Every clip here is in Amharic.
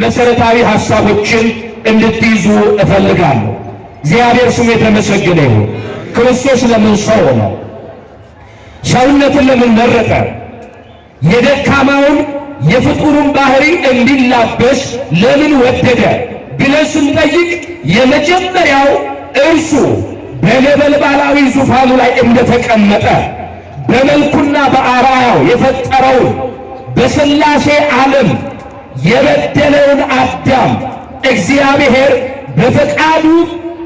መሰረታዊ ሐሳቦችን እንድትይዙ እፈልጋለሁ። እግዚአብሔር ስሙ የተመሰገነ ይሁን። ክርስቶስ ለምን ሰው ሆነ? ሰውነትን ለምን መረጠ? የደካማውን የፍጡሩን ባህሪ እንዲላበስ ለምን ወደደ ብለን ስንጠይቅ የመጀመሪያው እርሱ በነበልባላዊ ዙፋኑ ላይ እንደተቀመጠ በመልኩና በአርአያው የፈጠረውን በሥላሴ ዓለም የበደለውን አዳም እግዚአብሔር በፈቃዱ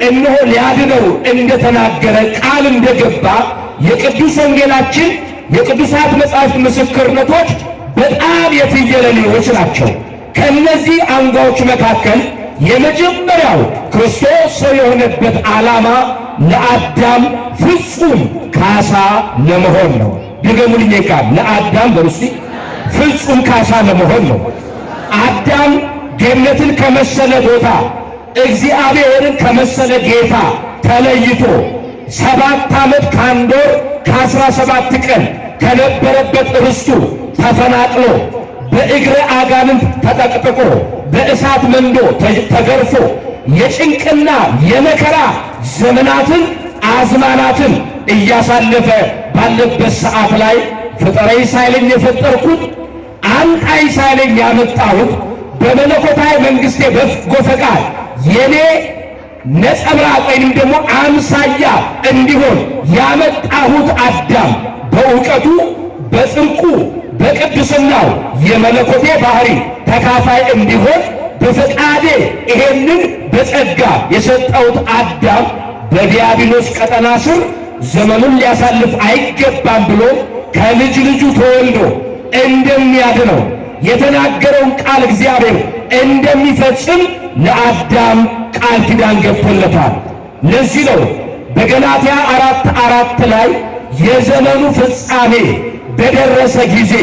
እነሆ ሊያድነው እንደተናገረ ቃል እንደገባ የቅዱስ ወንጌላችን የቅዱሳት መጻሕፍት ምስክርነቶች በጣም የትየለሌዎች ናቸው። ከእነዚህ አንጓዎች መካከል የመጀመሪያው ክርስቶስ ሰው የሆነበት ዓላማ ለአዳም ፍጹም ካሳ ለመሆን ነው። ድገሙልኝ ቃል ለአዳም በርሱ ፍጹም ካሳ ለመሆን ነው። አዳም ገነትን ከመሰለ ቦታ እግዚአብሔርን ከመሰለ ጌታ ተለይቶ ሰባት ዓመት ከአንድ ወር ከአስራ ሰባት ቀን ከነበረበት ርስቱ ተፈናቅሎ በእግረ አጋንንት ተጠቅጥቆ በእሳት መንዶ ተገርፎ የጭንቅና የመከራ ዘመናትን አዝማናትን እያሳለፈ ባለበት ሰዓት ላይ ፍጠረ እስራኤልን የፈጠርኩት አንቃይ ሳለኝ ያመጣሁት በመለኮታዊ መንግስቴ በጎ ፈቃድ የኔ ነጸብራቅ ወይንም ደግሞ አምሳያ እንዲሆን ያመጣሁት አዳም በእውቀቱ በጽድቁ በቅድስናው የመለኮቴ ባህሪ ተካፋይ እንዲሆን በፈቃዴ ይሄንን በጸጋ የሰጠሁት አዳም በዲያብሎስ ቀጠና ስር ዘመኑን ሊያሳልፍ አይገባም ብሎ ከልጅ ልጁ ተወልዶ እንደሚያድነው የተናገረውን ቃል እግዚአብሔር እንደሚፈጽም ለአዳም ቃል ኪዳን ገብቶለታል። ለዚህ ነው በገላትያ አራት አራት ላይ የዘመኑ ፍጻሜ በደረሰ ጊዜ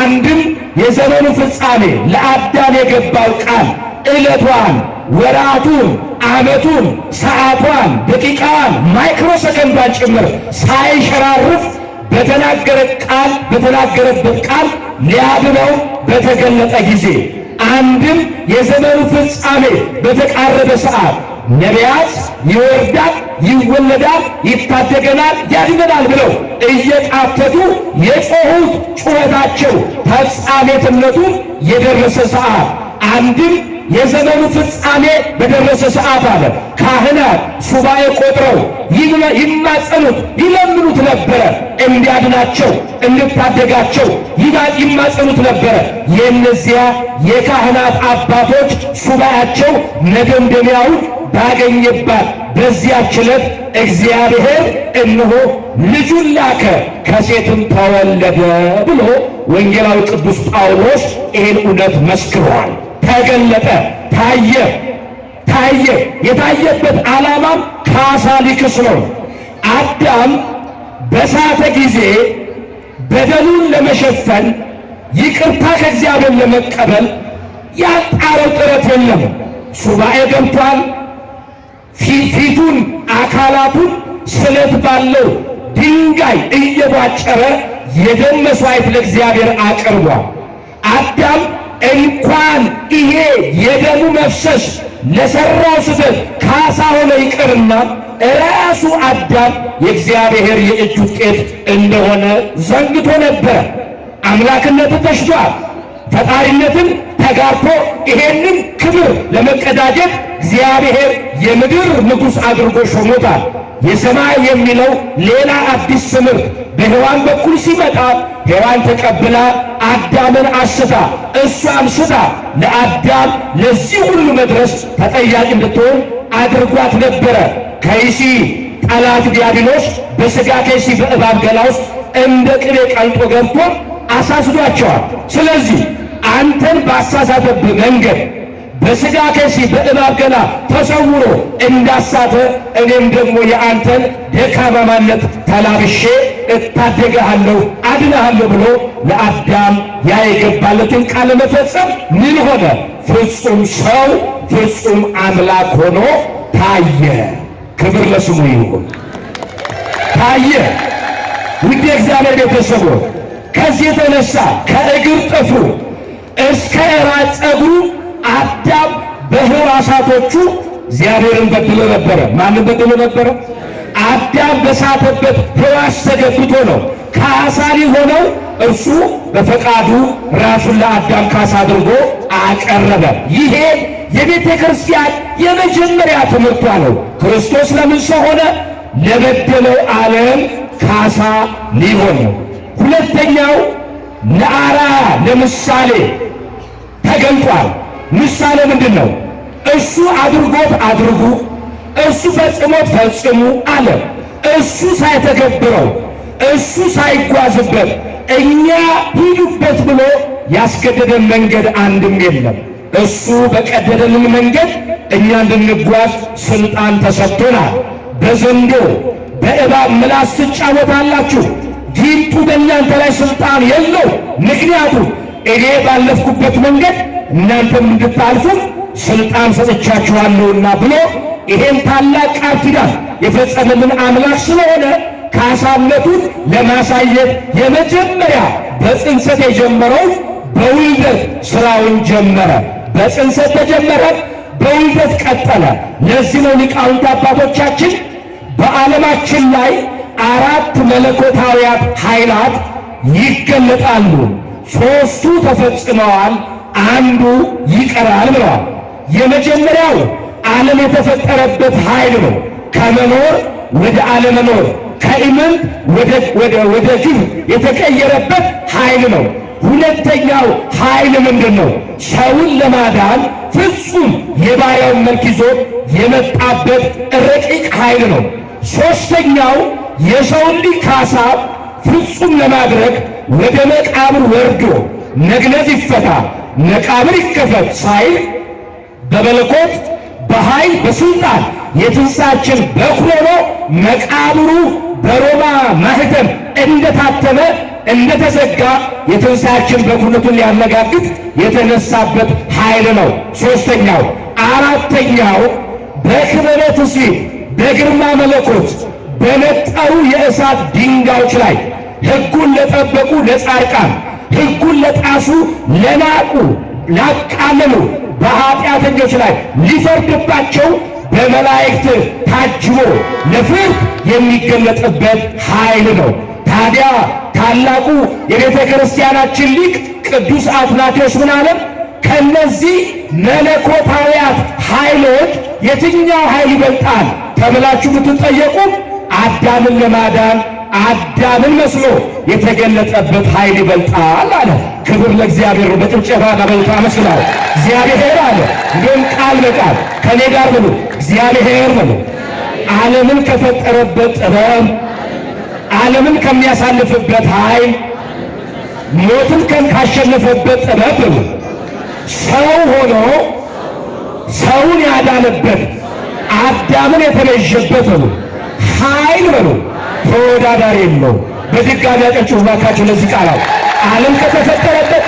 አንድም የዘመኑ ፍጻሜ ለአዳም የገባው ቃል ዕለቷን፣ ወራቱን፣ ዓመቱን፣ ሰዓቷን፣ ደቂቃዋን፣ ማይክሮ ሰከንዷን ጭምር ሳይሸራርፍ በተናገረ ቃል በተናገረበት ቃል ሊያድነው በተገለጠ ጊዜ አንድም የዘመኑ ፍጻሜ በተቃረበ ሰዓት ነቢያት ይወርዳል፣ ይወለዳል፣ ይታደገናል፣ ያድነናል ብለው እየጣተቱ የጮሁት ጩኸታቸው ተጻሜትነቱ የደረሰ ሰዓት አንድም የዘመኑ ፍጻሜ በደረሰ ሰዓት አለ ካህናት ሱባኤ ቆጥረው ይማጸኑት ይለምኑት ነበረ። እንዲያድናቸው እንድታደጋቸው ይማጸኑት ነበረ። የእነዚያ የካህናት አባቶች ሱባያቸው መደምደሚያውን ባገኘባት በዚያች ዕለት እግዚአብሔር እነሆ ልጁን ላከ ከሴትም ተወለደ ብሎ ወንጌላዊ ቅዱስ ጳውሎስ ይህን እውነት መስክሯል። ተገለጠ፣ ታየ። ታየ የታየበት ዓላማም ካሳ ሊክስ ነው። አዳም በሳተ ጊዜ በደሉን ለመሸፈን ይቅርታ ከእግዚአብሔር ለመቀበል ያጣረው ጥረት የለም። ሱባኤ ገብቷል። ፊቱን አካላቱን ስለት ባለው ድንጋይ እየቧጨረ የደም መሥዋዕት ለእግዚአብሔር አቅርቧል። አዳም እንኳን ይሄ የደሙ መፍሰስ ለሠራው ስህተት ካሳ ሆነ ይቅርና ራሱ አዳም የእግዚአብሔር የእጅ ውጤት እንደሆነ ዘንግቶ ነበር። አምላክነትን ተሽቷል፣ ፈጣሪነትን ተጋርቶ ይሄንን ክብር ለመቀዳጀት እግዚአብሔር የምድር ንጉሥ አድርጎ ሾሞታል። የሰማይ የሚለው ሌላ አዲስ ትምህርት በሔዋን በኩል ሲመጣ ሔዋን ተቀብላ አዳምን አስታ እሷም ስታ ለአዳም ለዚህ ሁሉ መድረስ ተጠያቂ እንድትሆን አድርጓት ነበረ። ከይሲ ጠላት ዲያብሎስ በሥጋ ከይሲ በእባብ ገላ ውስጥ እንደ ቅቤ ቀልጦ ገብቶ አሳስዷቸዋል። ስለዚህ አንተን ባሳሳተብ መንገድ በስጋ ከሲ በእባብ ገላ ተሰውሮ እንዳሳተ እኔም ደግሞ የአንተን ደካማ ማነት ተላብሼ እታደገሃለሁ አድናሃለሁ ብሎ ለአዳም ያ ቃል መፈጸም ምን ሆነ? ፍጹም ሰው ፍጹም አምላክ ሆኖ ታየ። ክብር ለስሙ ይሁን። ታየ። ውድ እግዚአብሔር ቤተሰቦ ከዚህ የተነሳ ከእግር ጥፍሩ እስከ ራስ ጸጉሩ አዳም በሕዋሳቶቹ እግዚአብሔርን በድሎ ነበረ። ማንም በድሎ ነበረ። አዳም በሳተበት ህዋስ ተገብቶ ነው ካሳሪ ሊሆነው እርሱ በፈቃዱ ራሱን ለአዳም ካሳ አድርጎ አቀረበ። ይሄ የቤተ ክርስቲያን የመጀመሪያ ትምህርቷ ነው። ክርስቶስ ለምን ሰው ሆነ? ለበደለው ዓለም ካሳ ሊሆን ነው። ሁለተኛው ለምሳሌ ተገልጧል። ምሳሌ ምንድን ነው? እሱ አድርጎት አድርጉ፣ እሱ ፈጽሞት ፈጽሙ አለ። እሱ ሳይተገብረው፣ እሱ ሳይጓዝበት እኛ ሂዱበት ብሎ ያስገደደን መንገድ አንድም የለም። እሱ በቀደደልን መንገድ እኛ እንድንጓዝ ስልጣን ተሰጥቶናል። በዘንዶ በእባብ ምላስ ትጫወታላችሁ ዲንቱ በእናንተ ላይ ስልጣን የለው። ምክንያቱም እኔ ባለፍኩበት መንገድ እናንተም እንድታልፉ ስልጣን ሰጥቻችኋለሁና ብሎ ይሄን ታላቅ ቃል ኪዳን የፈጸመልን አምላክ ስለሆነ ካሳነቱን ለማሳየት የመጀመሪያ በጽንሰት የጀመረውን በውልደት ስራውን ጀመረ። በጽንሰት ተጀመረ፣ በውልደት ቀጠለ። ለዚህ ነው ሊቃውንት አባቶቻችን በዓለማችን ላይ አራት መለኮታውያት ኃይላት ይገለጣሉ። ሦስቱ ተፈጽመዋል፣ አንዱ ይቀራል ብለዋል። የመጀመሪያው ዓለም የተፈጠረበት ኃይል ነው። ከመኖር ወደ አለመኖር ከኢምንት ወደ ግብ የተቀየረበት ኃይል ነው። ሁለተኛው ኃይል ምንድን ነው? ሰውን ለማዳን ፍጹም የባሪያውን መልክ ይዞ የመጣበት ረቂቅ ኃይል ነው። ሦስተኛው የሰውን ልጅ ካሳ ፍጹም ለማድረግ ወደ መቃብር ወርዶ መግነዝ ይፈታ መቃብር ይከፈት ሳይል በመለኮት በኃይል በስልጣን የትንሳችን በኩር ሆኖ መቃብሩ በሮማ ማህተም እንደታተመ እንደተዘጋ የትንሳችን በኩርነቱን ሊያረጋግጥ የተነሳበት ኃይል ነው። ሦስተኛው አራተኛው በክበበ ትስብእት በግርማ መለኮት በነጠሩ የእሳት ድንጋዮች ላይ ሕጉን ለጠበቁ ለጻድቃን፣ ሕጉን ለጣሱ ለናቁ ላቃለሉ በኃጢአተኞች ላይ ሊፈርድባቸው በመላእክት ታጅቦ ለፍርድ የሚገለጥበት ኃይል ነው። ታዲያ ታላቁ የቤተ ክርስቲያናችን ሊቅ ቅዱስ አትናቴዎስ ምን አለ? ከነዚህ መለኮታውያት ኃይሎች የትኛው ኃይል ይበልጣል ተብላችሁ ብትጠየቁም አዳምን ለማዳን አዳምን መስሎ የተገለጠበት ኃይል ይበልጣል አለ። ክብር ለእግዚአብሔር ነው። በጭብጨባ በልታ መስላል እግዚአብሔር አለ። ግን ቃል በቃል ከኔ ጋር ብሉ እግዚአብሔር ነው። ዓለምን ከፈጠረበት ጥበብ፣ ዓለምን ከሚያሳልፍበት ኃይል፣ ሞትን ካሸነፈበት ጥበብ ብሉ ሰው ሆኖ ሰውን ያዳነበት አዳምን የተቤዠበት ነው። ኃይል በሉ ተወዳዳሪ የለው። በድጋሚ ያጨችሁ ባካችሁ ለዚህ ቃላው ዓለም ከተፈጠረበት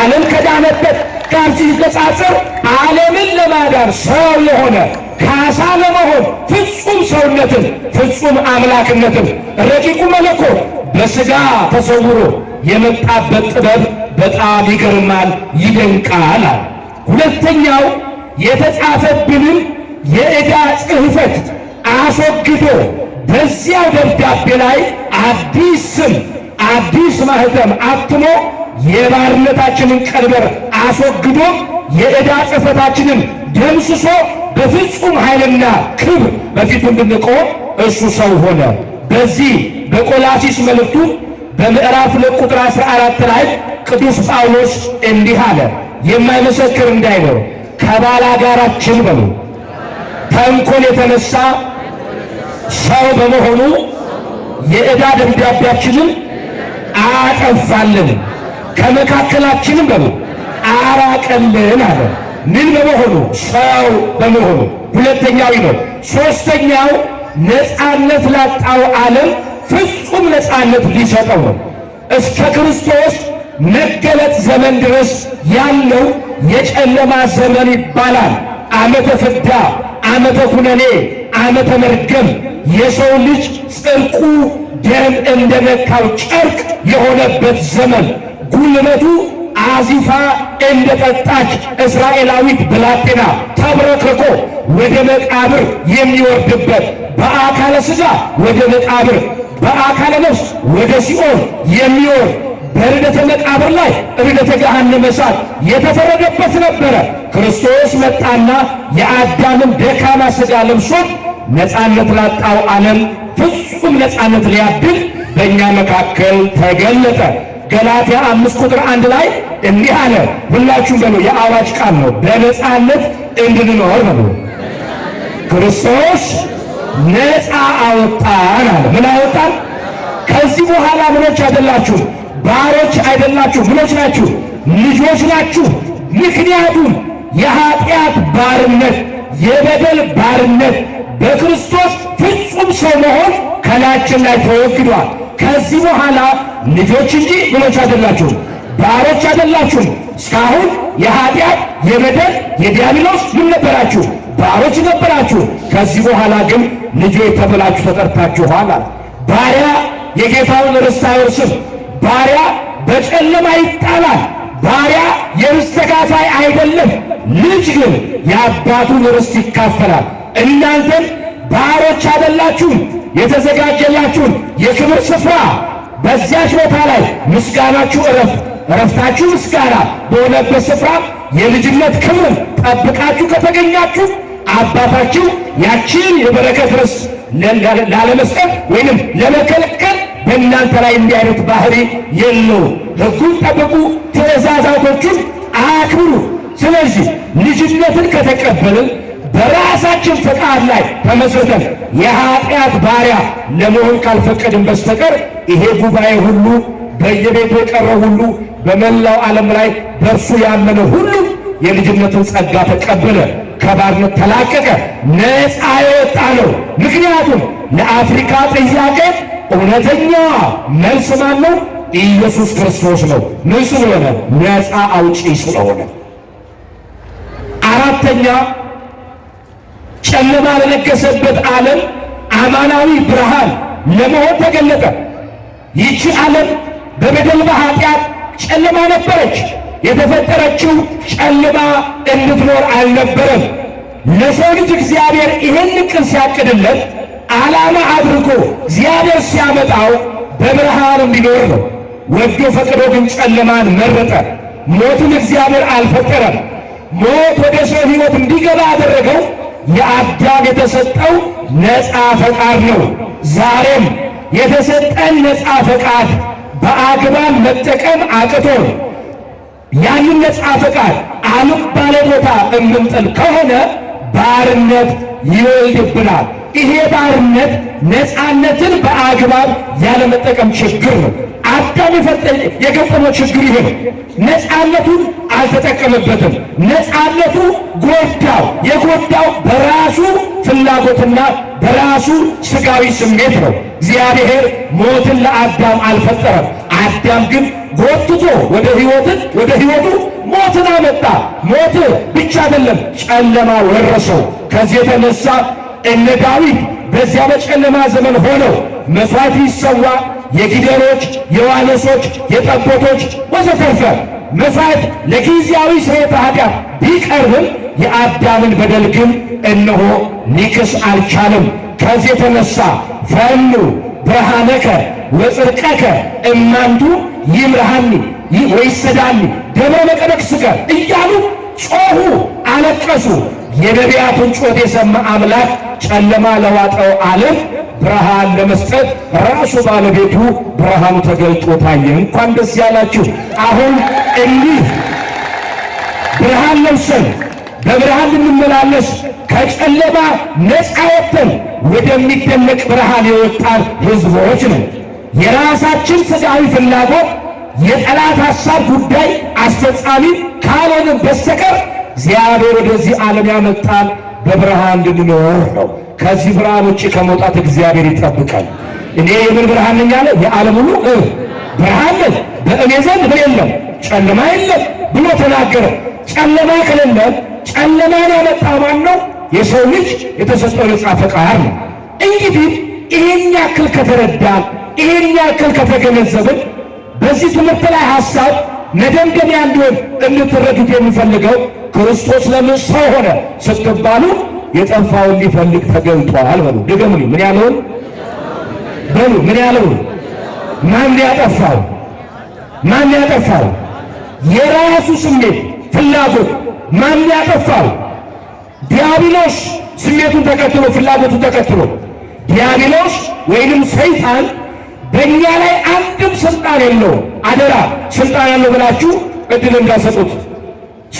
ዓለም ከዳነበት ጋር ሲነጻጸር ዓለምን ለማዳር ሰው የሆነ ካሳ ለመሆን ፍጹም ሰውነትን ፍጹም አምላክነትን ረቂቁ መለኮት በሥጋ ተሰውሮ የመጣበት ጥበብ በጣም ይገርማል፣ ይደንቃል። ሁለተኛው የተጻፈብንን የዕዳ ጽሕፈት አስወግዶ በዚያ ደብዳቤ ላይ አዲስ ስም አዲስ ማህተም አትሞ የባርነታችንን ቀንበር አስወግዶ የዕዳ ጽሕፈታችንን ደምስሶ በፍጹም ኃይልና ክብር በፊቱ እንድንቆም እሱ ሰው ሆነ። በዚህ በቆላሲስ መልእክቱ በምዕራፍ ለቁጥር 14 ላይ ቅዱስ ጳውሎስ እንዲህ አለ። የማይመሰክር እንዳይኖር ከባላጋራችን በሉ ተንኮል የተነሳ ሰው በመሆኑ የእዳ ደብዳቤያችንን አጠፋልን፣ ከመካከላችንም በምን አራቀልን አለ። ምን በመሆኑ ሰው በመሆኑ ሁለተኛው ነው። ሶስተኛው ነፃነት ላጣው ዓለም ፍጹም ነፃነት ሊሰጠው ነው። እስከ ክርስቶስ መገለጥ ዘመን ድረስ ያለው የጨለማ ዘመን ይባላል ዓመተ ፍዳ ዓመተ ኩነኔ ዓመተ መርገም የሰው ልጅ ጽድቁ ደም እንደነካው ጨርቅ የሆነበት ዘመን ጉልበቱ አዚፋ እንደጠጣች እስራኤላዊት ብላቴና ተብረክርኮ ወደ መቃብር የሚወርድበት በአካለ ሥጋ ወደ መቃብር በአካለ ነፍስ ወደ ሲኦል የሚወርድ በርደተ መቃብር ላይ እርደተ ገሃነመ እሳት የተፈረደበት ነበረ። ክርስቶስ መጣና የአዳምን ደካማ ሥጋ ለብሶት ነፃነት ላጣው ዓለም ፍጹም ነፃነት ሊያድል በእኛ መካከል ተገለጠ። ገላትያ አምስት ቁጥር አንድ ላይ እንዲህ አለ። ሁላችሁም በሉ የአዋጅ ቃል ነው። በነፃነት እንድንኖር ነው። ክርስቶስ ነፃ አወጣን አለ። ምን አወጣን? ከዚህ በኋላ ምኖች አይደላችሁም ባሮች አይደላችሁ፣ ምኖች ናችሁ? ልጆች ናችሁ። ምክንያቱም የኃጢአት ባርነት፣ የበደል ባርነት በክርስቶስ ፍጹም ሰው መሆን ከላያችን ላይ ተወግዷል። ከዚህ በኋላ ልጆች እንጂ ምኖች አይደላችሁም፣ ባሮች አይደላችሁም። እስካሁን የኃጢአት የበደል የዲያብሎስ ምን ነበራችሁ? ባሮች ነበራችሁ። ከዚህ በኋላ ግን ልጆች ተብላችሁ ተጠርታችኋል። ባሪያ የጌታውን ርስት አይወርስም። ባሪያ በጨለማ ይጣላል። ባሪያ የርስት ተካፋይ አይደለም። ልጅ ግን የአባቱን ርስት ይካፈላል። እናንተን ባሮች አደላችሁን? የተዘጋጀላችሁን የክብር ስፍራ በዚያች ቦታ ላይ ምስጋናችሁ እረፍ እረፍታችሁ ምስጋና በሆነበት ስፍራ የልጅነት ክብር ጠብቃችሁ ከተገኛችሁ አባታችሁ ያችን የበረከት ርስ ላለመስጠት ወይንም ለመከልከል በእናንተ ላይ እንዲህ አይነት ባህሪ የለው። ሕጉን ጠብቁ፣ ትእዛዛቶቹን አክብሩ። ስለዚህ ልጅነትን ከተቀበልን በራሳችን ፈቃድ ላይ ተመስርተን የኃጢአት ባሪያ ለመሆን ካልፈቀድን በስተቀር ይሄ ጉባኤ ሁሉ በየቤቱ የቀረ ሁሉ በመላው ዓለም ላይ በእርሱ ያመነ ሁሉ የልጅነቱን ጸጋ ተቀበለ፣ ከባርነት ተላቀቀ፣ ነፃ የወጣ ነው። ምክንያቱም ለአፍሪካ ጥያቄ እውነተኛ መልስ ማን ነው? ኢየሱስ ክርስቶስ ነው። ምን ስለሆነ? ነፃ አውጪ ስለሆነ። አራተኛ ጨለማ ለነገሰበት ዓለም አማናዊ ብርሃን ለመሆን ተገለጠ። ይቺ ዓለም በበደል በኃጢአት ጨለማ ነበረች። የተፈጠረችው ጨልማ እንድትኖር አልነበረም። ለሰው ልጅ እግዚአብሔር ይህን ዕቅድ ሲያቅድለት ዓላማ አድርጎ እግዚአብሔር ሲያመጣው በብርሃን እንዲኖር ነው። ወዶ ፈቅዶ ግን ጨለማን መረጠ። ሞትን እግዚአብሔር አልፈጠረም። ሞት ወደ ሰው ሕይወት እንዲገባ ያደረገው የአዳም የተሰጠው ነፃ ፈቃድ ነው። ዛሬም የተሰጠን ነፃ ፈቃድ በአግባብ መጠቀም አቅቶን ያንን መጽሐፈ ቃል አልባሌ ቦታ እምንጥል ከሆነ ባርነት ይወልድብናል። ይሄ ባርነት ነፃነትን በአግባብ ያለመጠቀም ችግር ነው። አዳም የገጠመው ችግር ይሄ ነው። ነፃነቱን አልተጠቀመበትም። ነፃነቱ ጎዳው። የጎዳው በራሱ ፍላጎትና በራሱ ስጋዊ ስሜት ነው። እግዚአብሔር ሞትን ለአዳም አልፈጠረም። አዳም ግን ጎትቶ ወደ ህይወትን ወደ ህይወቱ ሞትን አመጣ። ሞት ብቻ አይደለም ጨለማ ወረሰው። ከዚህ የተነሳ እነ ዳዊት በዚያ በጨለማ ዘመን ሆነው መስዋዕት ይሰዋ የጊደሮች፣ የዋለሶች፣ የጠቦቶች ወዘተርፈ መስዋዕት ለጊዜያዊ ስርየተ ኃጢአት ቢቀርብም የአዳምን በደል ግን እነሆ ሊክስ አልቻለም። ከዚህ የተነሳ ፈኑ ብርሃነከ ወጽድቀከ እማንቱ ይምርሃኒ ወይሰዳኒ ደብረ መቀደስከ እያሉ ጮኹ፣ አለቀሱ። የነቢያቱን ጮት የሰማ አምላክ ጨለማ ለዋጠው ዓለም ብርሃን ለመስጠት ራሱ ባለቤቱ ብርሃኑ ተገልጦ ታየ። እንኳን ደስ ያላችሁ። አሁን እንዲህ ብርሃን ለብሰን በብርሃን ልንመላለስ ከጨለማ ነፃ ወጥተን ወደሚደነቅ ብርሃን የወጣን ሕዝቦች ነው። የራሳችን ስጋዊ ፍላጎት፣ የጠላት ሐሳብ ጉዳይ አስፈጻሚ ካልሆነ በስተቀር እግዚአብሔር ወደዚህ ዓለም ያመጣን በብርሃን እንድንኖር ነው። ከዚህ ብርሃን ውጭ ከመውጣት እግዚአብሔር ይጠብቃል። እኔ የምን ብርሃን ነኝ አለ? የዓለም ሁሉ ብርሃን ነኝ፣ በእኔ ዘንድ ምን የለም ጨለማ የለም ብሎ ተናገረ። ጨለማ ከሌለ ጨለማን ያመጣ ማን ነው? የሰው ልጅ የተሰጠው ነጻ ፈቃድ ነው። እንግዲህ ይህን ያክል ከተረዳን ይህን ያክል ከተገነዘብን በዚህ ትምህርት ላይ ሐሳብ መደምደሚያ እንዲሆን እንድትረዱት የሚፈልገው ክርስቶስ ለምን ሰው ሆነ ስትባሉ የጠፋውን ሊፈልግ በሉ። ምን ያለውን በሉ። ምን ያለውን ማን ያጠፋው? ማን ያጠፋው? የራሱ ስሜት ፍላጎት ማን ያጠፋው? ዲያብሎስ ስሜቱን ተከትሎ ፍላጎቱን ተከትሎ ዲያብሎስ ወይንም ሰይጣን በእኛ ላይ አንድም ስልጣን የለው። አደራ ስልጣን ያለው ብላችሁ እድል እንዳሰጡት።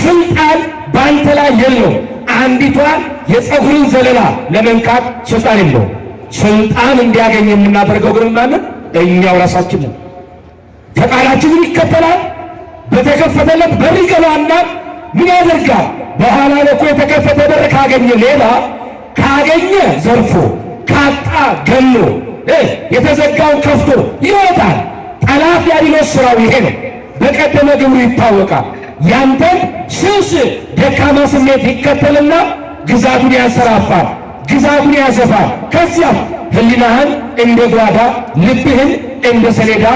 ስልጣን በአንተ ላይ የለው። አንዲቷን የፀጉርን ዘለላ ለመንካት ስልጣን የለው። ስልጣን እንዲያገኝ የምናደርገው ግን ማንን? እኛው ራሳችን ነው። ተቃላችሁን ይከተላል። በተከፈተለት በር ይገባና ምን ያደርጋል? በኋላ ለኮ የተከፈተ በር ካገኘ ሌባ ካገኘ ዘርፎ ካጣ ገሎ የተዘጋውን ከፍቶ ይወጣል። ጠላት ያዲኖስ ስራው ይሄ ነው። በቀደመ ግብሩ ይታወቃል። ያንተን ስስ ደካማ ስሜት ይከተልና ግዛቱን ያንሰራፋል፣ ግዛቱን ያሰፋል። ከዚያ ህሊናህን እንደ ጓዳ ልብህን እንደ ሰሌዳ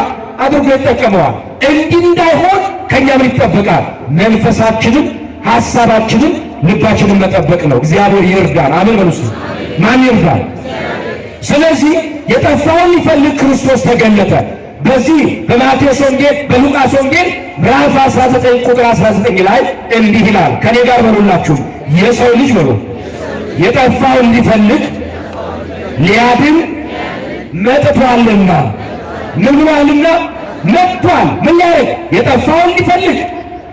አድርጎ ይጠቀመዋል። እንዲህ እንዳይሆን ከእኛ ምን ይጠበቃል? መንፈሳችንም ሐሳባችንም ልባችንን መጠበቅ ነው። እግዚአብሔር ይርዳል። አምን በሉስ ማን ይርዳል? ስለዚህ የጠፋውን ሊፈልግ ክርስቶስ ተገለጠ። በዚህ በማቴዎስ ወንጌል በሉቃስ ወንጌል ምዕራፍ 19 ቁጥር 19 ላይ እንዲህ ይላል። ከኔ ጋር በሉላችሁ የሰው ልጅ በሉ የጠፋውን ሊፈልግ ሊያድን መጥቷልና ምን መጥቷል። ምን ያደርግ የጠፋውን ሊፈልግ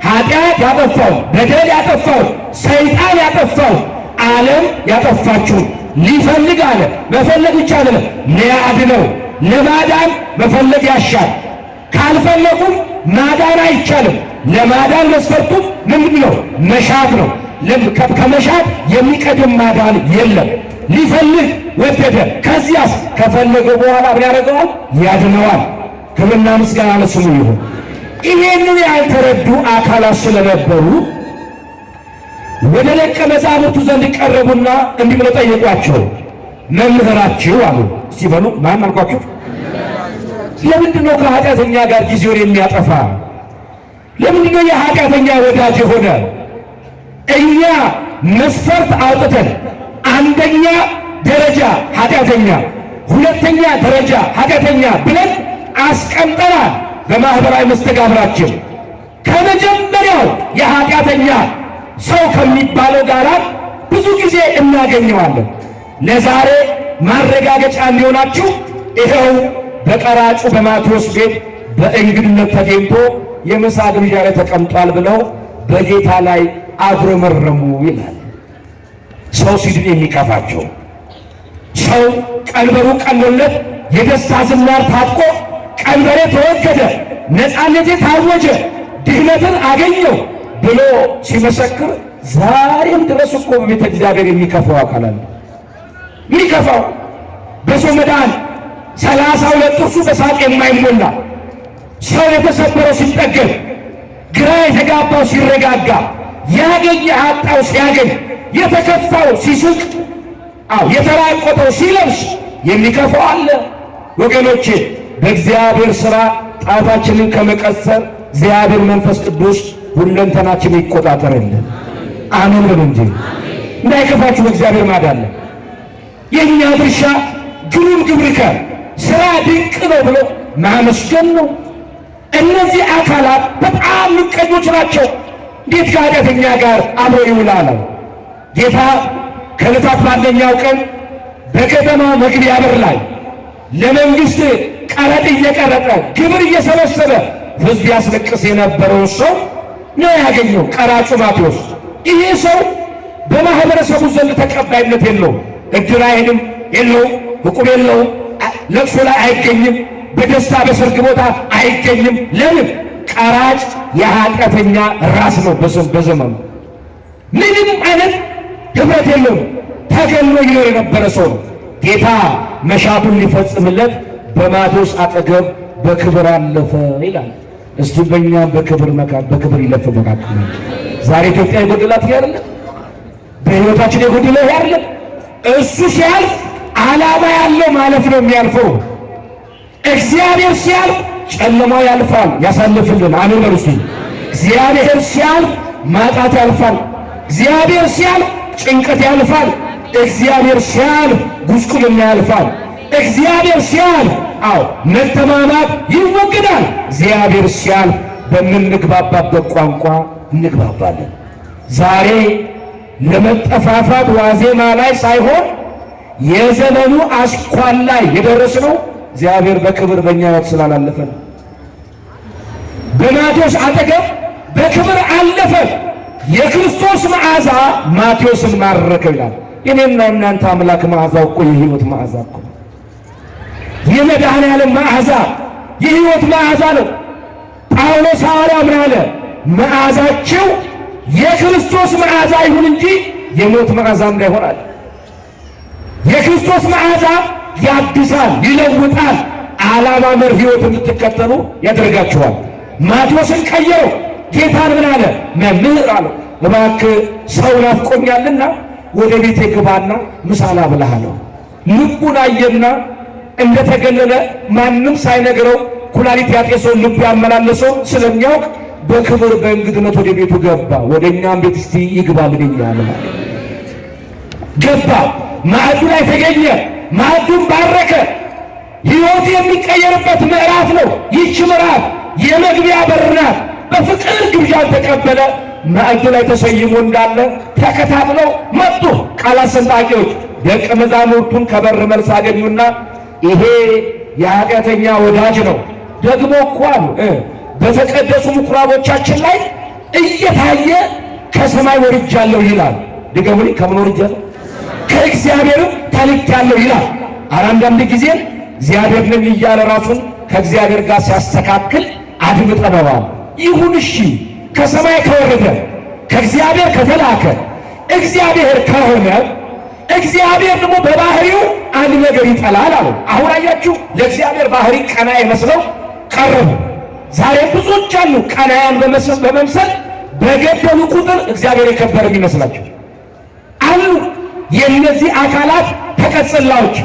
ኃጢአት ያጠፋው በደል ያጠፋው ሰይጣን ያጠፋው ዓለም ያጠፋችሁን ሊፈልግ አለ። መፈለግ ብቻ አለ ሊያድነው ለማዳን መፈለግ ያሻል። ካልፈለጉም ማዳን አይቻልም። ለማዳን መስፈርቱም ምንድን ነው? መሻት ነው። ከመሻት የሚቀድም ማዳን የለም። ሊፈልግ ወደደ። ከዚያስ ከፈለገ በኋላ ምን ያደርገዋል? ያድነዋል። ክብርና ምስጋና ለስሙ ይሁን። ይሄንን ያልተረዱ አካላት ስለነበሩ ወደ ደቀ መዛሙርቱ ዘንድ ቀረቡና እንዲህ ብለው ጠየቋቸው፣ መምህራችሁ አሉ። ሲበሉ ማን አልኳችሁ? ለምንድን ነው ከኃጢአተኛ ጋር ጊዜውን የሚያጠፋ? ለምንድን ነው የኃጢአተኛ ወዳጅ የሆነ? እኛ መስፈርት አውጥተን አንደኛ ደረጃ ኃጢአተኛ፣ ሁለተኛ ደረጃ ኃጢአተኛ ብለን አስቀምጠናል። በማኅበራዊ መስተጋብራችን ከመጀመሪያው የኃጢአተኛ ሰው ከሚባለው ጋራ ብዙ ጊዜ እናገኘዋለን። ለዛሬ ማረጋገጫ እንዲሆናችሁ ይኸው በቀራጩ በማቴዎስ ቤት በእንግድነት ተገኝቶ የምሳ ግብዣ ላይ ተቀምጧል ብለው በጌታ ላይ አጉረመረሙ ይላል። ሰው ሲድን የሚቀፋቸው ሰው ቀንበሩ ቀሎለት የደስታ ዝናር ታጥቆ ቀንበሬ ተወገደ፣ ነፃነቴ ታወጀ፣ ድህነትን አገኘው ብሎ ሲመሰክር ዛሬም ድረስ እኮ ቤተ እግዚአብሔር የሚከፋው አካል አለ። የሚከፋው ብዙ መዳን ሰላሳ ሁለት ጥርሱ በሳቅ የማይሞላ ሰው የተሰበረው ሲጠገብ፣ ግራ የተጋባው ሲረጋጋ፣ ያገኘ አጣው ሲያገኝ፣ የተከፋው ሲሱቅ፣ አው የተራቆተው ሲለብስ የሚከፋው አለ። ወገኖቼ በእግዚአብሔር ሥራ ጣታችንን ከመቀሰር እግዚአብሔር መንፈስ ቅዱስ ሁለንተናችን ይቆጣጠርልን። አሜን በሉ እንጂ እንዳይከፋችሁ። እግዚአብሔር ማዳለ የእኛ ድርሻ ግሩም ግብርከ ስራ ድንቅ ነው ብሎ ማመስገን ነው። እነዚህ አካላት በጣም ምቀኞች ናቸው። እንዴት ከኃጢአተኛ ጋር አብሮ ይውላል? ጌታ ከዕለታት በአንደኛው ቀን በከተማ መግቢያ በር ላይ ለመንግሥት ቀረጥ እየቀረጠ ግብር እየሰበሰበ ሕዝብ ያስለቅስ የነበረው ሰው ነው ያገኘው ቀራጩ ማቴዎስ። ይሄ ሰው በማህበረሰቡ ዘንድ ተቀባይነት የለውም። እድር አይሄድም፣ የለውም፣ እቁብ የለውም፣ ለቅሶ ላይ አይገኝም፣ በደስታ በሰርግ ቦታ አይገኝም። ለምን? ቀራጭ የኃጢአተኛ ራስ ነው። በዘመኑ ምንም አይነት ህብረት የለውም። ተገሎ ይኖር የነበረ ሰው ነው። ጌታ መሻቱን ሊፈጽምለት በማቴዎስ አጠገብ በክብር አለፈ ይላል። እስቲ በእኛ በክብር መካ በክብር ይለፍ መካከል ዛሬ ኢትዮጵያ የጎደላት ይሄ አይደለም። በህይወታችን የጎደለ ይሄ አይደለም። እሱ ሲያልፍ ዓላማ ያለው ማለፍ ነው የሚያልፈው። እግዚአብሔር ሲያልፍ ጨለማ ያልፋል፣ ያሳልፍልን። አሜን በሉ እስቲ። እግዚአብሔር ሲያልፍ ማጣት ያልፋል። እግዚአብሔር ሲያልፍ ጭንቀት ያልፋል። እግዚአብሔር ሲያልፍ ጉስቁልና ያልፋል። እግዚአብሔር ሲያል አው መተማማት ይወገዳል። እግዚአብሔር ሲያል በምንግባባበት ቋንቋ እንግባባለን። ዛሬ ለመጠፋፋት ዋዜማ ላይ ሳይሆን የዘመኑ አስኳል ላይ ነው እግዚአብሔር በክብር በእኛ ሕይወት ስላላለፈ በማቴዎስ አጠገብ በክብር አለፈ። የክርስቶስ መዓዛ ማቴዎስን ማረከው ይላል። እኔና እናንተ አምላክ መዓዛው እኮ የሕይወት መዓዛ እኮ የመድኃኔ ዓለም መዓዛ የሕይወት መዓዛ ነው። ጳውሎስ ሐዋርያ ምን አለ? መዓዛቸው የክርስቶስ መዓዛ ይሁን እንጂ የሞት መዓዛ እንዳይሆን አለ። የክርስቶስ መዓዛ ያድሳል፣ ይለውጣል። ዓላማ መር ሕይወት እንድትከተሉ ያደርጋችኋል። ማቴዎስን ቀየረው። ጌታን ምን አለ? መምህር አለው። እባክህ ሰው ናፍቆኛልና ወደ ቤቴ ግባና ምሳ ላብልህ ልቡን አየና እንደተገለለ ማንም ሳይነግረው ኩላሊት ያጤሰው ልብ ያመላለሰው ስለሚያውቅ በክብር በእንግድነት ወደ ቤቱ ገባ። ወደ እኛም ቤት እስቲ ይግባ ልደኛ ገባ። ማዕዱ ላይ ተገኘ። ማዕዱን ባረከ። ሕይወት የሚቀየርበት ምዕራፍ ነው። ይች ምዕራፍ የመግቢያ በር ናት። በፍቅር ግብዣን ተቀበለ። ማዕዱ ላይ ተሰይሞ እንዳለ ተከታትለው መጡ ቃላት ሰንጣቂዎች ደቀ መዛሙርቱን ከበር መልስ አገኙና ይሄ የኃጢአተኛ ወዳጅ ነው። ደግሞ እንኳን በተቀደሱ ምኩራቦቻችን ላይ እየታየ ከሰማይ ወርጃለሁ ይላል። ድገሙ። ከምን ወርጃለሁ? ከእግዚአብሔርም ተልኬያለሁ ይላል። አረ አንዳንድ ጊዜ እግዚአብሔር ነኝ እያለ ራሱን ከእግዚአብሔር ጋር ሲያስተካክል አድምጠበባ ይሁን። እሺ ከሰማይ ከወረደ ከእግዚአብሔር ከተላከ እግዚአብሔር ከሆነ እግዚአብሔር ደግሞ በባህሪው አንድ ነገር ይጠላል አለ። አሁን አያችሁ ለእግዚአብሔር ባህሪ ቀናኢ መስለው ቀረቡ። ዛሬ ብዙዎች አሉ ቀናያን በመምሰል በገደሉ ቁጥር እግዚአብሔር የከበረ ይመስላቸው አሉ። የእነዚህ አካላት ተቀጽላዎች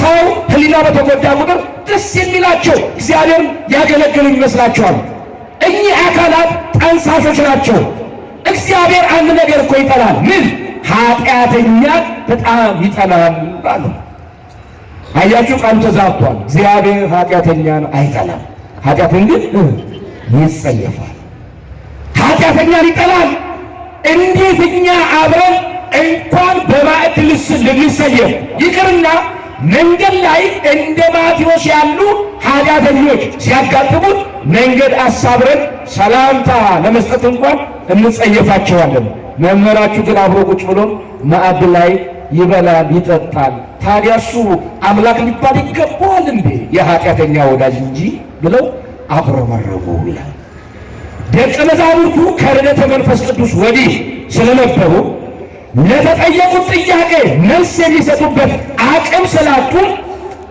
ሰው ህሊና በተጎዳ ቁጥር ደስ የሚላቸው እግዚአብሔርን ያገለግሉ ይመስላቸዋል። እኚህ አካላት ጠንሳሾች ናቸው። እግዚአብሔር አንድ ነገር እኮ ይጠላል ምን ኃጢአተኛን በጣም ይጠላል አሉ። አያችሁ ቃሉ ተዛብቷል። እግዚአብሔር ኃጢአተኛን አይጠላም፣ ኃጢአትን ግን ይጸየፋል። ኃጢአተኛን ይጠላል። እንዴት እኛ አብረን እንኳን በማዕድ ልንሰየፍ ይቅርና መንገድ ላይ እንደ ማቴዎስ ያሉ ኃጢአተኞች ሲያጋጥሙት መንገድ አሳብረን ሰላምታ ለመስጠት እንኳን እንጸየፋቸዋለን። መምህራችሁ ግን አብሮ ቁጭ ብሎ ማዕድ ላይ ይበላል ይጠጣል። ታዲያ እሱ አምላክ ሊባል ይገባዋል እንዴ? የኃጢአተኛ ወዳጅ እንጂ ብለው አጉረመረሙ ይላል። ደቀ መዛሙርቱ ከርደተ መንፈስ ቅዱስ ወዲህ ስለነበሩ ለተጠየቁት ጥያቄ መልስ የሚሰጡበት አቅም ስላጡ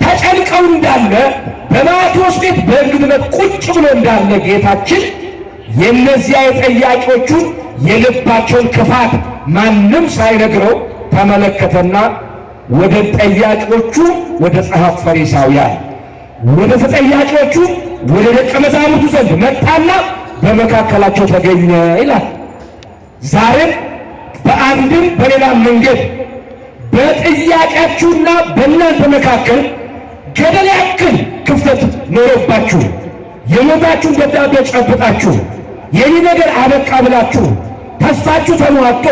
ተጨንቀው እንዳለ በማቴዎስ ቤት በእንግድነት ቁጭ ብሎ እንዳለ ጌታችን የእነዚያ የጠያቂዎቹን የልባቸውን ክፋት ማንም ሳይነግረው ተመለከተና ወደ ጠያቂዎቹ ወደ ጸሐፍ ፈሪሳውያን ወደ ተጠያቂዎቹ ወደ ደቀ መዛሙርቱ ዘንድ መጣና በመካከላቸው ተገኘ ይላል። ዛሬም በአንድም በሌላ መንገድ በጥያቄያችሁና በእናንተ መካከል ገደል ያክል ክፍተት ኖሮባችሁ የሞታችሁን ደብዳቤ ጨብጣችሁ የኔ ነገር አበቃ ብላችሁ ተስፋችሁ ተሟጦ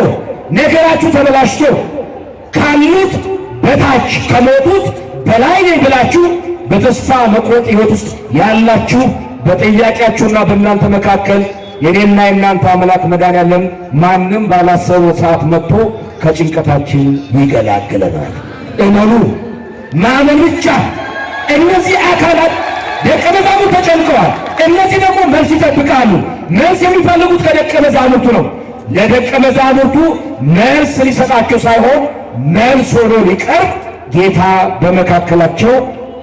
ነገራችሁ ተበላሽቶ ካሉት በታች ከሞቱት በላይ ነኝ ብላችሁ በተስፋ መቁረጥ ሕይወት ውስጥ ያላችሁ በጥያቄያችሁና በእናንተ መካከል የኔና የእናንተ አምላክ መድኃኔዓለም ማንም ባላሰበው ሰዓት መጥቶ ከጭንቀታችን ይገላግለናል። እመኑ። ማመን ብቻ። እነዚህ አካላት ደቀ መዛሙርት ተጨንቀዋል። እነዚህ ደግሞ መልስ ይጠብቃሉ። መልስ የሚፈልጉት ከደቀ መዛሙርቱ ነው። ለደቀ መዛሙርቱ መልስ ሊሰጣቸው ሳይሆን መልስ ሆኖ ሊቀርብ ጌታ በመካከላቸው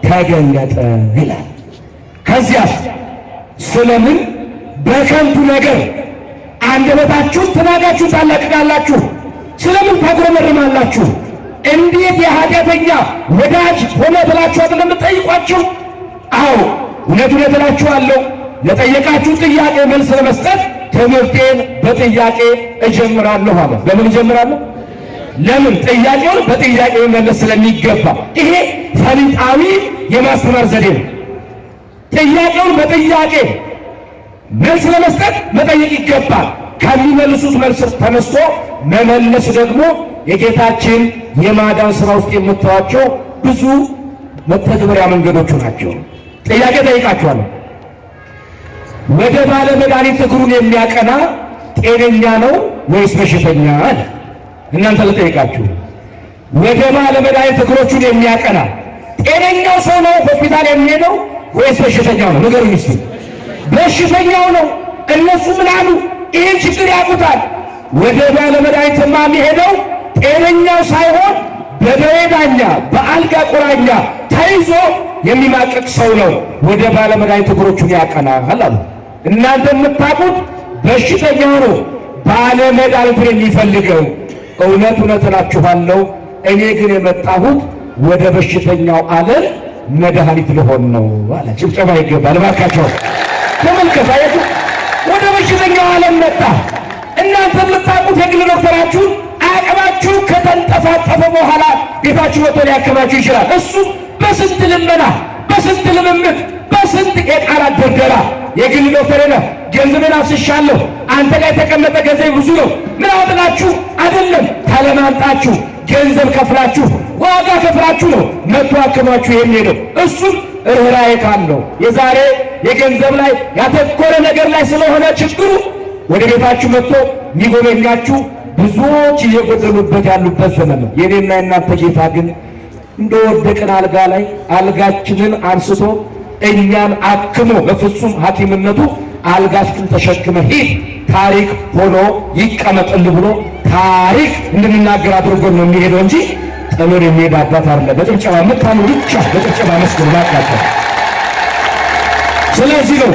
ተገለጠ ይላል። ከዚያስ ስለምን በከንቱ ነገር አንደበታችሁን ትናጋችሁ ታላቅቃላችሁ? ስለምን ታጉረመርማላችሁ? እንዴት የኃጢአተኛ ወዳጅ ሆነ ብላችሁ አይደለም የምትጠይቋቸው? አዎ እውነት እውነት እላችኋለሁ ለጠየቃችሁ ጥያቄ መልስ ለመስጠት ትምህርቴን በጥያቄ እጀምራለሁ አለ። ለምን እጀምራለሁ? ለምን ጥያቄውን በጥያቄ መመለስ ስለሚገባ። ይሄ ሰሊጣዊ የማስተማር ዘዴ ነው። ጥያቄውን በጥያቄ መልስ ለመስጠት መጠየቅ ይገባል። ከሚመልሱት መልስ ተነስቶ መመለስ ደግሞ የጌታችን የማዳን ስራ ውስጥ የምታዋቸው ብዙ መተግበሪያ መንገዶቹ ናቸው። ጥያቄ ጠይቃችኋለሁ። ወደ ባለ መድኃኒት እግሩን የሚያቀና ጤነኛ ነው ወይስ በሽተኛ አለ። እናንተ ልጠይቃችሁ፣ ወደ ባለ መድኃኒት እግሮቹን የሚያቀና ጤነኛው ሰው ነው ሆስፒታል የሚሄደው ወይስ በሽተኛው ነው? ነገር እስኪ። በሽተኛው ነው። እነሱ ምን አሉ? ይህን ችግር ያውቁታል። ወደ ባለ መድኃኒትማ የሚሄደው ጤነኛው ሳይሆን በበሬዳኛ በአልጋ ቁራኛ ተይዞ የሚማቀቅ ሰው ነው ወደ ባለ መድኃኒት እግሮቹን ያቀናል አሉ። እናንተ የምታውቁት በሽተኛ ሆኖ ባለ መድኃኒቱን የሚፈልገው እውነት እውነት እላችኋለሁ፣ እኔ ግን የመጣሁት ወደ በሽተኛው ዓለም መድኃኒት ልሆን ነው አለ። ጭብጨባ ይገባል ባካቸው። ተመልከት፣ ወደ በሽተኛው ዓለም መጣ። እናንተ የምታውቁት የግል ዶክተራችሁን አቅማችሁ ከተንጠፋጠፈ በኋላ ቤታችሁ መቶ ሊያከማችሁ ይችላል። እሱ በስንት ልመና፣ በስንት ልምምት፣ በስንት የቃላት ድርደራ የግል ዶክተር ነው። ገንዘብን አፍስሻለሁ። አንተ ላይ የተቀመጠ ገንዘብ ብዙ ነው። ምን አወጥላችሁ አይደለም ተለማምጣችሁ ገንዘብ ከፍላችሁ ዋጋ ከፍላችሁ ነው መቶ አክማችሁ የሚሄደው እሱም ርኅራዬ ካለው የዛሬ የገንዘብ ላይ ያተኮረ ነገር ላይ ስለሆነ ችግሩ ወደ ቤታችሁ መጥቶ የሚጎበኛችሁ ብዙዎች እየጎደሉበት ያሉበት ዘመን ነው። የኔና የእናንተ ጌታ ግን እንደወደቅን አልጋ ላይ አልጋችንን አንስቶ እኛን አክሞ በፍጹም ሐኪምነቱ አልጋችን ተሸክመ ሂድ ታሪክ ሆኖ ይቀመጥል ብሎ ታሪክ እንድንናገር አድርጎ ነው የሚሄደው እንጂ ጥሎን የሚሄድ አባት አለ። በጭብጨባ ምታኑ ብቻ በጭብጨባ መስግኑ ማቅላቸ ስለዚህ ነው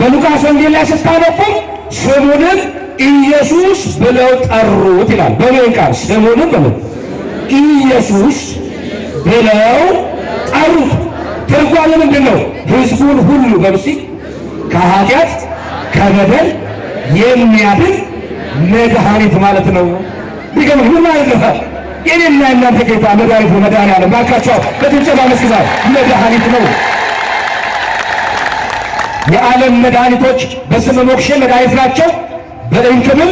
በሉቃስ ወንጌል ላይ ስታነቡ ስሙንም ኢየሱስ ብለው ጠሩት ይላል። በሜን ቃል ስሙንም በምን ኢየሱስ ብለው ጠሩት ትርጓሜ ምንድን ነው? ህዝቡን ሁሉ በምሲ ከኃጢአት ከበደል የሚያድን መድኃኒት ማለት ነው። ቢገም ምን ማለት ነው? የኔና እናንተ ጌታ መድኃኒት ነው። መድኃኒዓለም ባካቸው በትንጨባ መስግዛ መድኃኒት ነው። የዓለም መድኃኒቶች በስመ ሞክሼ መድኃኒት ናቸው። በእንክብል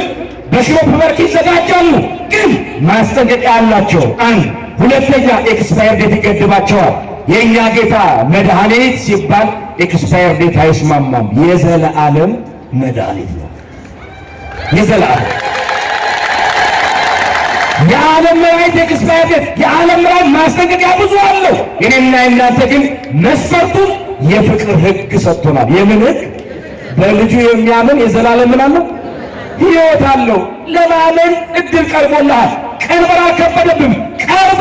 በሽሮፕ መርክ ይዘጋጃሉ፣ ግን ማስጠንቀቂያ አላቸው። አንድ ሁለተኛ ኤክስፓየር ዴት ይገድባቸዋል። የእኛ ጌታ መድኃኒት ሲባል ኤክስፓየር ዴት አይስማማም። የዘለዓለም መድኃኒት ነው። የዘለዓለም የዓለም መድኃኒት ኤክስፓየር ዴት የዓለም ራ ማስጠንቀቂያ ብዙ አለው። እኔና እናንተ ግን መስፈርቱን የፍቅር ህግ ሰጥቶናል። የምን ህግ? በልጁ የሚያምን የዘላለም ምን አለው? ህይወት አለው። ለማመን እድል ቀርቦልሃል። ቀንበር አልከበደብም። ቀርበ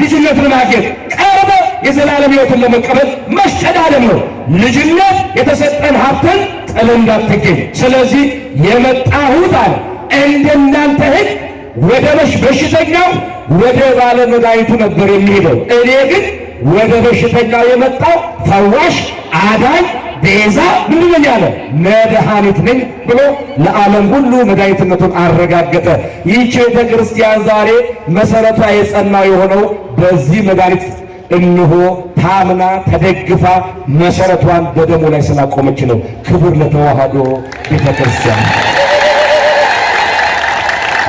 ልጅነትን ማግኘት ቀርቦ የዘላለም ሕይወትን ለመቀበል መሸዳደም ነው። ልጅነት የተሰጠን ሀብትን ጥል እንዳትገኝ። ስለዚህ የመጣሁት አለ እንደናንተ ህግ ወደ በሽተኛው ወደ ባለ መድኃኒቱ ነበር የሚሄደው። እኔ ግን ወደ በሽተኛው የመጣው ፈዋሽ አዳኝ ቤዛ ምንድን ነው ያለ መድኃኒት ነኝ ብሎ ለዓለም ሁሉ መድኃኒትነቱን አረጋገጠ። ይህች ቤተ ክርስቲያን ዛሬ መሰረቷ የጸና የሆነው በዚህ መድኃኒት እንሆ ታምና ተደግፋ መሰረቷን በደሙ ላይ ስላቆመች ነው። ክብር ለተዋህዶ ቤተ ክርስቲያን።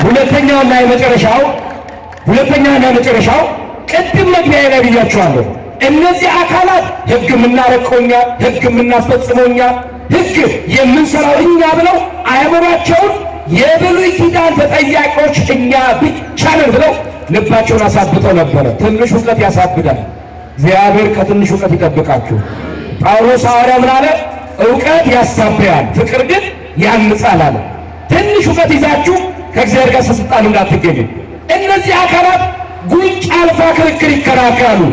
ሁለተኛውና የመጨረሻው ሁለተኛውና የመጨረሻው ቅድም መግቢያ ላይ ብያችኋለሁ። እነዚህ አካላት ህግ የምናረቀው ህግ የምናስፈጽመውኛ ህግ የምንሰራው እኛ ብለው አእምሯቸውን የብሉይ ኪዳን ተጠያቂዎች እኛ ብቻ ነን ብለው ልባቸውን አሳብጠው ነበረ። ትንሽ እውቀት ያሳብዳል። እግዚአብሔር ከትንሽ እውቀት ይጠብቃችሁ። ጳውሎስ ሐዋርያ ምን አለ? እውቀት ያሳብያል፣ ፍቅር ግን ያንጻል አለ። ትንሽ እውቀት ይዛችሁ ከእግዚአብሔር ጋር ስትጣሉ እንዳትገኙ። እነዚህ አካላት ጉንጭ አልፋ ክርክር ይከራከራሉ።